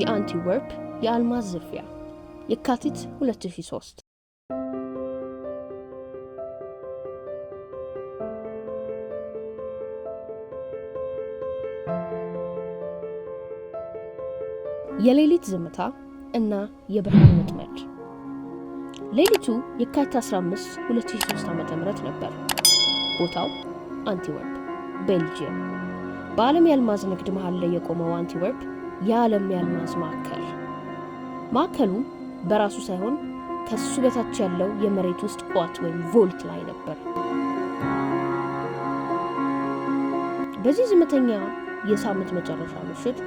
የአንቲወርፕ የአልማዝ ዝርፊያ የካቲት 2003 የሌሊት ዝምታ እና የብርሃን ምጥመድ። ሌሊቱ የካቲት 15 2003 ዓ.ም ነበር። ቦታው አንቲወርፕ ቤልጅየም። በዓለም የአልማዝ ንግድ መሃል ላይ የቆመው አንቲወርፕ የዓለም የአልማዝ ማዕከል። ማዕከሉ በራሱ ሳይሆን ከሱ በታች ያለው የመሬት ውስጥ ቋት ወይም ቮልት ላይ ነበር። በዚህ ዝምተኛ የሳምንት መጨረሻ ምሽት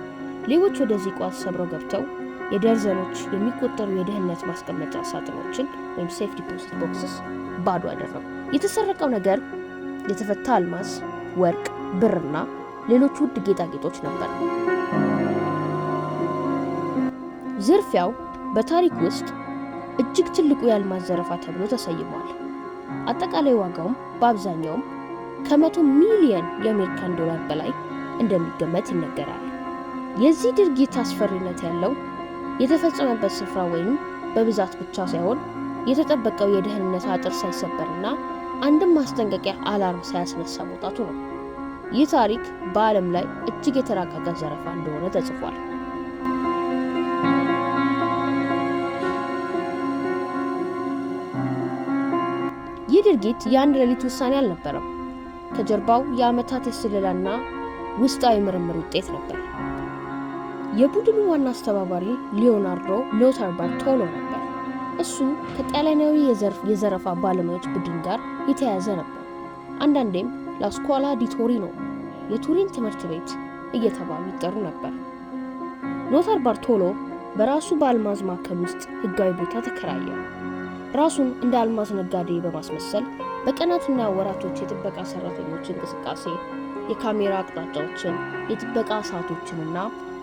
ሌቦች ወደዚህ ቋት ሰብረው ገብተው የደርዘኖች የሚቆጠሩ የደህንነት ማስቀመጫ ሳጥኖችን ወይም ሴፍ ዲፖዚት ቦክስስ ባዶ አደረጉ። የተሰረቀው ነገር የተፈታ አልማዝ፣ ወርቅ፣ ብርና ሌሎች ውድ ጌጣጌጦች ነበር። ዝርፊያው በታሪክ ውስጥ እጅግ ትልቁ የአልማዝ ዘረፋ ተብሎ ተሰይሟል። አጠቃላይ ዋጋውም በአብዛኛውም ከመቶ ሚሊየን የአሜሪካን ዶላር በላይ እንደሚገመት ይነገራል። የዚህ ድርጊት አስፈሪነት ያለው የተፈጸመበት ስፍራ ወይም በብዛት ብቻ ሳይሆን የተጠበቀው የደህንነት አጥር ሳይሰበርና አንድም ማስጠንቀቂያ አላርም ሳያስነሳ መውጣቱ ነው። ይህ ታሪክ በዓለም ላይ እጅግ የተራቀቀ ዘረፋ እንደሆነ ተጽፏል። ድርጊት የአንድ ሌሊት ውሳኔ አልነበረም። ከጀርባው የዓመታት የስለላና ውስጣዊ ምርምር ውጤት ነበር። የቡድኑ ዋና አስተባባሪ ሊዮናርዶ ሎታር ባርቶሎ ነበር። እሱ ከጣሊያናዊ የዘረፋ ባለሙያዎች ቡድን ጋር የተያያዘ ነበር። አንዳንዴም ላስኳላ ዲቶሪ ቶሪኖ የቱሪን ትምህርት ቤት እየተባሉ ይጠሩ ነበር። ሎታር ባርቶሎ በራሱ በአልማዝ ማዕከል ውስጥ ህጋዊ ቦታ ተከራየ። ራሱን እንደ አልማዝ ነጋዴ በማስመሰል በቀናትና ወራቶች የጥበቃ ሰራተኞች እንቅስቃሴ፣ የካሜራ አቅጣጫዎችን፣ የጥበቃ ሰዓቶችንና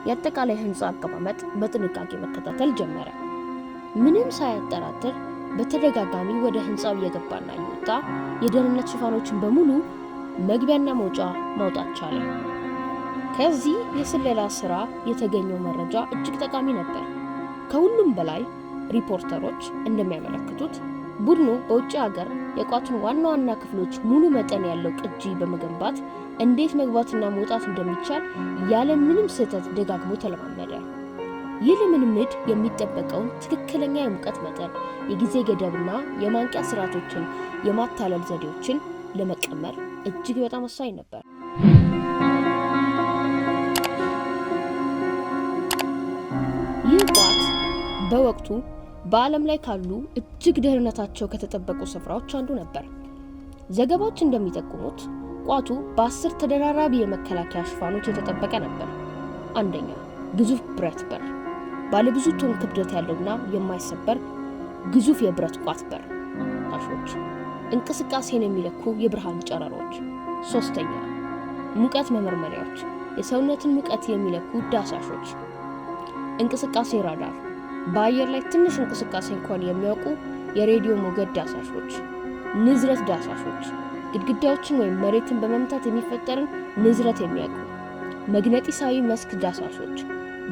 የአጠቃላይ ህንፃ አቀማመጥ በጥንቃቄ መከታተል ጀመረ። ምንም ሳያጠራጥር በተደጋጋሚ ወደ ህንፃው እየገባና እየወጣ የደህንነት ሽፋኖችን በሙሉ መግቢያና መውጫ ማውጣት ቻለ። ከዚህ የስለላ ስራ የተገኘው መረጃ እጅግ ጠቃሚ ነበር። ከሁሉም በላይ ሪፖርተሮች እንደሚያመለክቱት ቡድኑ በውጭ ሀገር የቋቱን ዋና ዋና ክፍሎች ሙሉ መጠን ያለው ቅጂ በመገንባት እንዴት መግባትና መውጣት እንደሚቻል ያለ ምንም ስህተት ደጋግሞ ተለማመደ። ይህ ልምምድ የሚጠበቀውን ትክክለኛ የሙቀት መጠን፣ የጊዜ ገደብና የማንቂያ ስርዓቶችን የማታለል ዘዴዎችን ለመቀመር እጅግ በጣም ወሳኝ ነበር። በወቅቱ በዓለም ላይ ካሉ እጅግ ደህንነታቸው ከተጠበቁ ስፍራዎች አንዱ ነበር። ዘገባዎች እንደሚጠቁሙት ቋቱ በአስር ተደራራቢ የመከላከያ ሽፋኖች የተጠበቀ ነበር። አንደኛ፣ ግዙፍ ብረት በር፣ ባለብዙ ቶን ክብደት ያለውና የማይሰበር ግዙፍ የብረት ቋት በር፣ ታሾች፣ እንቅስቃሴን የሚለኩ የብርሃን ጨረሮች። ሶስተኛ፣ ሙቀት መመርመሪያዎች፣ የሰውነትን ሙቀት የሚለኩ ዳሳሾች፣ እንቅስቃሴ ራዳር በአየር ላይ ትንሽ እንቅስቃሴ እንኳን የሚያውቁ የሬዲዮ ሞገድ ዳሳሾች፣ ንዝረት ዳሳሾች፣ ግድግዳዎችን ወይም መሬትን በመምታት የሚፈጠርን ንዝረት የሚያውቁ መግነጢሳዊ መስክ ዳሳሾች፣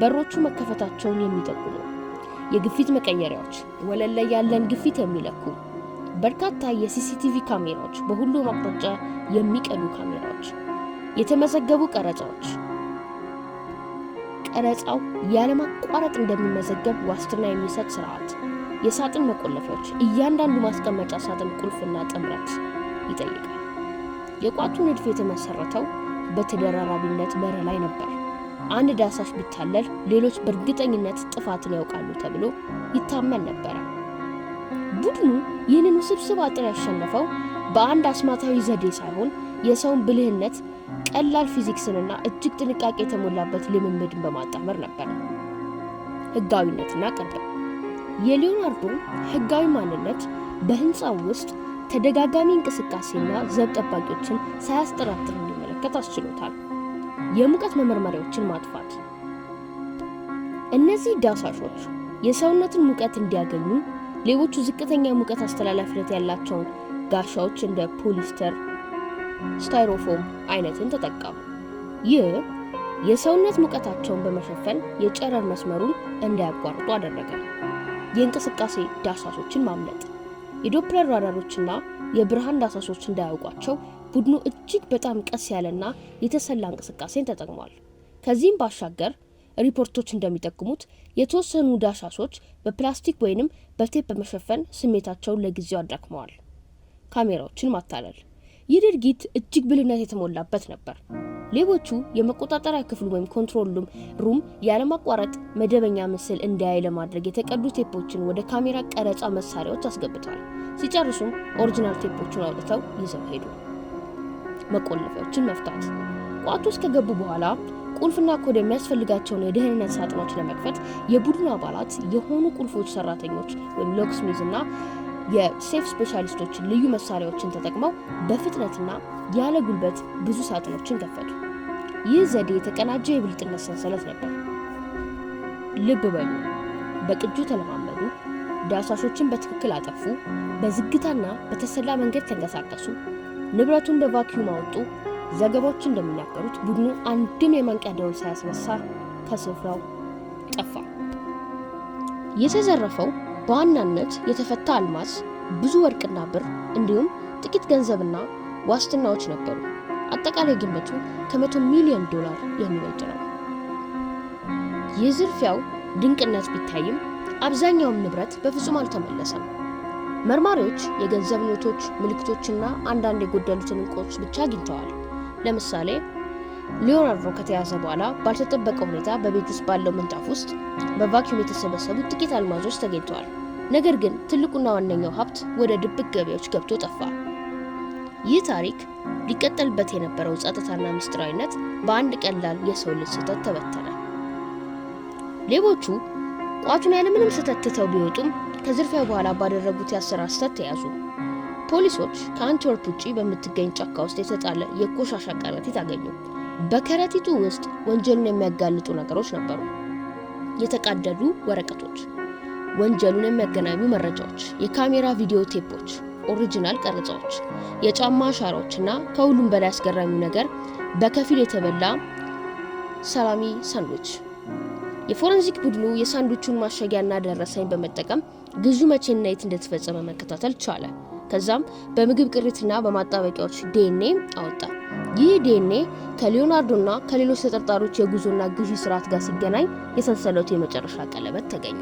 በሮቹ መከፈታቸውን የሚጠቁሙ የግፊት መቀየሪያዎች፣ ወለል ላይ ያለን ግፊት የሚለኩ በርካታ የሲሲቲቪ ካሜራዎች፣ በሁሉም አቅጣጫ የሚቀዱ ካሜራዎች፣ የተመዘገቡ ቀረጻዎች ቀረጻው ያለማቋረጥ እንደሚመዘገብ ዋስትና የሚሰጥ ስርዓት፣ የሳጥን መቆለፊያዎች፣ እያንዳንዱ ማስቀመጫ ሳጥን ቁልፍና ጥምረት ይጠይቃል። የቋቱ ንድፍ የተመሰረተው በተደራራቢነት በረ ላይ ነበር። አንድ ዳሳሽ ቢታለል ሌሎች በእርግጠኝነት ጥፋትን ያውቃሉ ተብሎ ይታመን ነበረ። ቡድኑ ይህንን ውስብስብ አጥር ያሸነፈው በአንድ አስማታዊ ዘዴ ሳይሆን የሰውን ብልህነት ቀላል ፊዚክስንና እጅግ ጥንቃቄ የተሞላበት ልምምድን በማጣመር ነበር። ህጋዊነትና ቅርብ የሊዮናርዶ ህጋዊ ማንነት በህንፃው ውስጥ ተደጋጋሚ እንቅስቃሴና ዘብ ጠባቂዎችን ሳያስጠራጥር እንዲመለከት አስችሎታል። የሙቀት መመርመሪያዎችን ማጥፋት እነዚህ ዳሳሾች የሰውነትን ሙቀት እንዲያገኙ ሌቦቹ ዝቅተኛ ሙቀት አስተላላፊነት ያላቸውን ጋሻዎች እንደ ፖሊስተር፣ ስታይሮፎም አይነትን ተጠቀሙ። ይህ የሰውነት ሙቀታቸውን በመሸፈን የጨረር መስመሩን እንዳያቋርጡ አደረገ። የእንቅስቃሴ ዳሳሶችን ማምለጥ የዶፕለር ራዳሮችና የብርሃን ዳሳሶች እንዳያውቋቸው ቡድኑ እጅግ በጣም ቀስ ያለና የተሰላ እንቅስቃሴን ተጠቅሟል። ከዚህም ባሻገር ሪፖርቶች እንደሚጠቁሙት የተወሰኑ ዳሳሶች በፕላስቲክ ወይንም በቴፕ በመሸፈን ስሜታቸውን ለጊዜው አዳክመዋል። ካሜራዎችን ማታለል። ይህ ድርጊት እጅግ ብልህነት የተሞላበት ነበር። ሌቦቹ የመቆጣጠሪያ ክፍሉ ወይም ኮንትሮል ሩም ያለማቋረጥ መደበኛ ምስል እንዲያይ ለማድረግ የተቀዱ ቴፖችን ወደ ካሜራ ቀረጻ መሳሪያዎች አስገብተዋል። ሲጨርሱም ኦሪጂናል ቴፖቹን አውጥተው ይዘው ሄዱ። መቆለፊያዎችን መፍታት። ቋቱ ውስጥ ከገቡ በኋላ ቁልፍና ኮድ የሚያስፈልጋቸውን የደህንነት ሳጥኖች ለመክፈት የቡድኑ አባላት የሆኑ ቁልፎች ሰራተኞች ወይም ሎክስሚዝ እና የሴፍ ስፔሻሊስቶችን ልዩ መሳሪያዎችን ተጠቅመው በፍጥነትና ያለ ጉልበት ብዙ ሳጥኖችን ከፈቱ። ይህ ዘዴ የተቀናጀ የብልጥነት ሰንሰለት ነበር። ልብ በሉ፣ በቅጁ ተለማመዱ፣ ዳሳሾችን በትክክል አጠፉ፣ በዝግታና በተሰላ መንገድ ተንቀሳቀሱ፣ ንብረቱን በቫኪዩም አወጡ። ዘገባዎች እንደሚናገሩት ቡድኑ አንድም የማንቂያ ደወል ሳያስነሳ ከስፍራው ጠፋ። የተዘረፈው በዋናነት የተፈታ አልማዝ፣ ብዙ ወርቅና ብር እንዲሁም ጥቂት ገንዘብና ዋስትናዎች ነበሩ። አጠቃላይ ግምቱ ከመቶ ሚሊዮን ዶላር የሚበልጥ ነው። የዝርፊያው ድንቅነት ቢታይም አብዛኛውም ንብረት በፍጹም አልተመለሰም። መርማሪዎች የገንዘብ ኖቶች፣ ምልክቶችና አንዳንድ የጎደሉትን ዕንቁዎች ብቻ አግኝተዋል። ለምሳሌ ሊዮናርዶ ከተያዘ በኋላ ባልተጠበቀ ሁኔታ በቤት ውስጥ ባለው ምንጣፍ ውስጥ በቫኪዩም የተሰበሰቡ ጥቂት አልማዞች ተገኝተዋል። ነገር ግን ትልቁና ዋነኛው ሀብት ወደ ድብቅ ገበያዎች ገብቶ ጠፋ። ይህ ታሪክ ሊቀጠልበት የነበረው ጸጥታና ምስጢራዊነት በአንድ ቀላል የሰው ልጅ ስህተት ተበተነ። ሌቦቹ ቋቱን ያለምንም ስህተት ትተው ቢወጡም ከዝርፊያ በኋላ ባደረጉት የአሰራር ስህተት ተያዙ። ፖሊሶች ከአንትወርፕ ውጪ በምትገኝ ጫካ ውስጥ የተጣለ የቆሻሻ ከረጢት አገኙ። በከረጢቱ ውስጥ ወንጀሉን የሚያጋልጡ ነገሮች ነበሩ። የተቃደዱ ወረቀቶች፣ ወንጀሉን የሚያገናኙ መረጃዎች፣ የካሜራ ቪዲዮ ቴፖች፣ ኦሪጂናል ቀረጻዎች፣ የጫማ አሻራዎች እና ከሁሉም በላይ አስገራሚው ነገር በከፊል የተበላ ሰላሚ ሳንዱች። የፎረንዚክ ቡድኑ የሳንድዊቹን ማሸጊያና ደረሰኝ በመጠቀም ግዙ መቼና የት እንደተፈጸመ መከታተል ቻለ። ከዛም በምግብ ቅሪትና በማጣበቂያዎች ዲኤንኤ አወጣ። ይህ ዲኤንኤ ከሊዮናርዶና ከሌሎች ተጠርጣሪዎች የጉዞና ግዢ ስርዓት ጋር ሲገናኝ የሰንሰለቱ የመጨረሻ ቀለበት ተገኘ።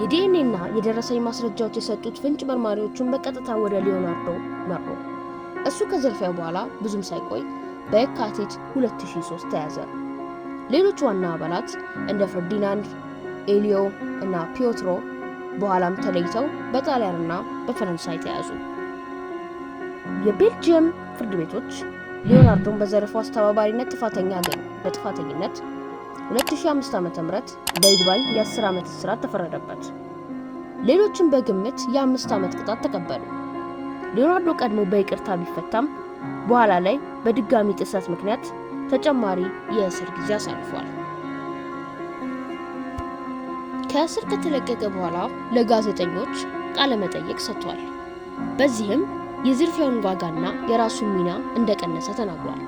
የዲኤንኤና የደረሰኝ ማስረጃዎች የሰጡት ፍንጭ መርማሪዎቹን በቀጥታ ወደ ሊዮናርዶ መሩ። እሱ ከዘርፊያ በኋላ ብዙም ሳይቆይ በየካቲት 2003 ተያዘ። ሌሎች ዋና አባላት እንደ ፈርዲናንድ፣ ኤሊዮ እና ፒዮትሮ በኋላም ተለይተው በጣሊያንና በፈረንሳይ ተያዙ። የቤልጅየም ፍርድ ቤቶች ሊዮናርዶን በዘረፋው አስተባባሪነት ጥፋተኛ አገኙ። በጥፋተኝነት 2005 ዓ.ም በይግባኝ የ10 ዓመት እስራት ተፈረደበት። ሌሎችም በግምት የአምስት ዓመት ቅጣት ተቀበሉ። ሊዮናርዶ ቀድሞ በይቅርታ ቢፈታም በኋላ ላይ በድጋሚ ጥሰት ምክንያት ተጨማሪ የእስር ጊዜ አሳልፏል። ከእስር ከተለቀቀ በኋላ ለጋዜጠኞች ቃለ መጠይቅ ሰጥቷል። በዚህም የዝርፊያውን ዋጋና የራሱን ሚና እንደቀነሰ ተናግሯል።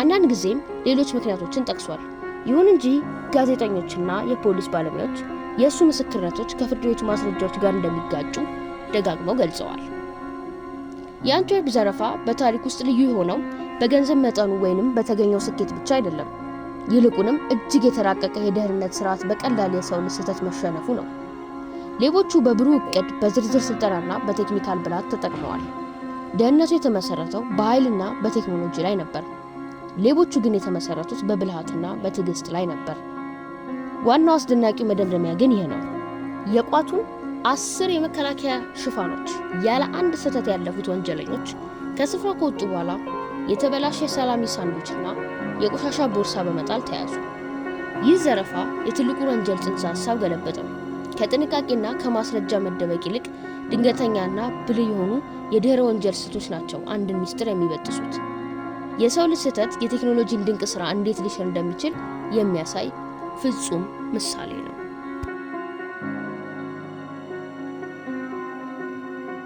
አንዳንድ ጊዜም ሌሎች ምክንያቶችን ጠቅሷል። ይሁን እንጂ ጋዜጠኞችና የፖሊስ ባለሙያዎች የእሱ ምስክርነቶች ከፍርድ ቤቱ ማስረጃዎች ጋር እንደሚጋጩ ደጋግመው ገልጸዋል። የአንትዌርፕ ዘረፋ በታሪክ ውስጥ ልዩ የሆነው በገንዘብ መጠኑ ወይንም በተገኘው ስኬት ብቻ አይደለም። ይልቁንም እጅግ የተራቀቀ የደህንነት ስርዓት በቀላል የሰው ስህተት መሸነፉ ነው። ሌቦቹ በብሩህ እቅድ፣ በዝርዝር ስልጠናና በቴክኒካል ብልሃት ተጠቅመዋል። ደህንነቱ የተመሰረተው በኃይልና በቴክኖሎጂ ላይ ነበር። ሌቦቹ ግን የተመሰረቱት በብልሃትና በትዕግስት ላይ ነበር። ዋናው አስደናቂ መደምደሚያ ግን ይህ ነው። የቋቱን አስር የመከላከያ ሽፋኖች ያለ አንድ ስህተት ያለፉት ወንጀለኞች ከስፍራው ከወጡ በኋላ የተበላሸ የሰላሚ ሳንዶችና የቆሻሻ ቦርሳ በመጣል ተያዙ። ይህ ዘረፋ የትልቁን ወንጀል ጽንሰ ሀሳብ ገለበጠው። ከጥንቃቄና ከማስረጃ መደበቅ ይልቅ ድንገተኛና ብልህ የሆኑ የድህረ ወንጀል ስህተቶች ናቸው አንድን ሚስጥር የሚበጥሱት። የሰው ልጅ ስህተት የቴክኖሎጂን ድንቅ ስራ እንዴት ሊሽር እንደሚችል የሚያሳይ ፍጹም ምሳሌ ነው።